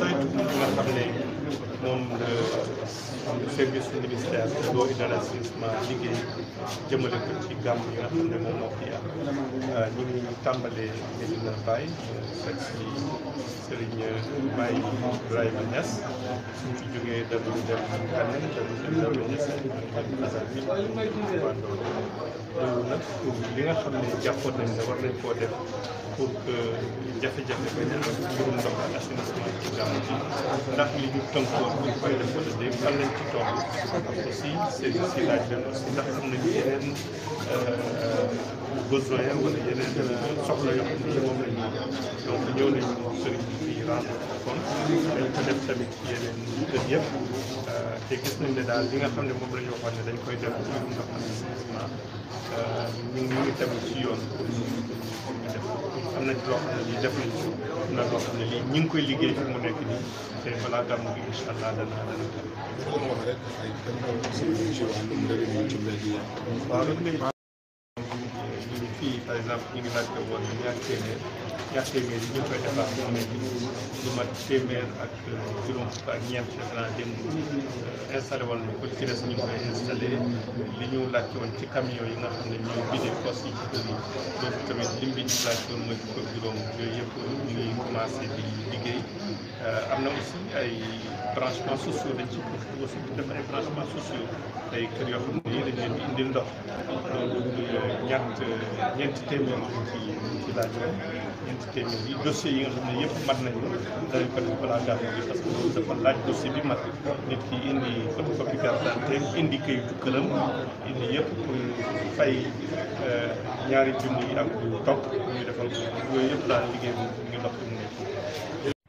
saytu nga xam ne moom le euh, service ministère loo et de l'assainissement liggéey jëmale ko ci gàmm yi nga xam ne moom moo fi am euh, ñu ngi tàmbalee Medina Baye fekk si Serigne Baye Ibrahima Niass suñu jógee dañu dem kanam dañu dem Daouda Niass ak asal bi wàndoon li nga xam ne jàppoon nañ ne war nañ koo ci gàmm ji ndax li ñu donc va faire des c'est aussi la aussi besoin wala yeneen soxla yoo xam ne ci moom lañ moom donc ñëw nañu sëriñ bi fii rendre kon dañ ko def tamit yeneen kër yëpp te gis nañ ne daal li nga xam ne moom la ñu waxoon ne dañ koy def ci mum nga xam ne ñu ngi tegu ci yoon pour pour ñu def am nañ loo xam ne lii def nañ ci am na loo xam ne lii ñu ngi koy liggéey fi mu nekk nii te balaa gàmm gi incha allah dana dana waaw rek fii par exemple ñu ngi laajte woon ñaar téeméer ñaar téeméer yi ñu koy defar mu ne lu mat téeméer ak juróom fukk ak ñeent defe naa démb installé woon nañu ko ci des li ñu laajte woon ci camion yi nga xam ne ñoo bidee poste yi ci kër yi loolu tamit lim bi mooy fukk juróom yooyu yëpp ñu ngi commencé di liggéey am na aussi ay branchements sociaux dañ ci aussi def ay branchements sociaux ay kër yoo xam ne dañ leen di indil ndox ñett ñeenti téeméer lañ ci ci laajoon ñeenti téeméer yi dossiers yi nga xam ne yëpp mat nañu danañ ko def balaa gàmmu bi parce que dafa laaj dossier bi mat nit ki indi photocopie carte d'identité indi kayitu këram indi yëpp pour fay euh, ñaari junni yi ak lu topp ñu defal ko yooyu yëpp daal liggéey bi ngi dox fi mu nekk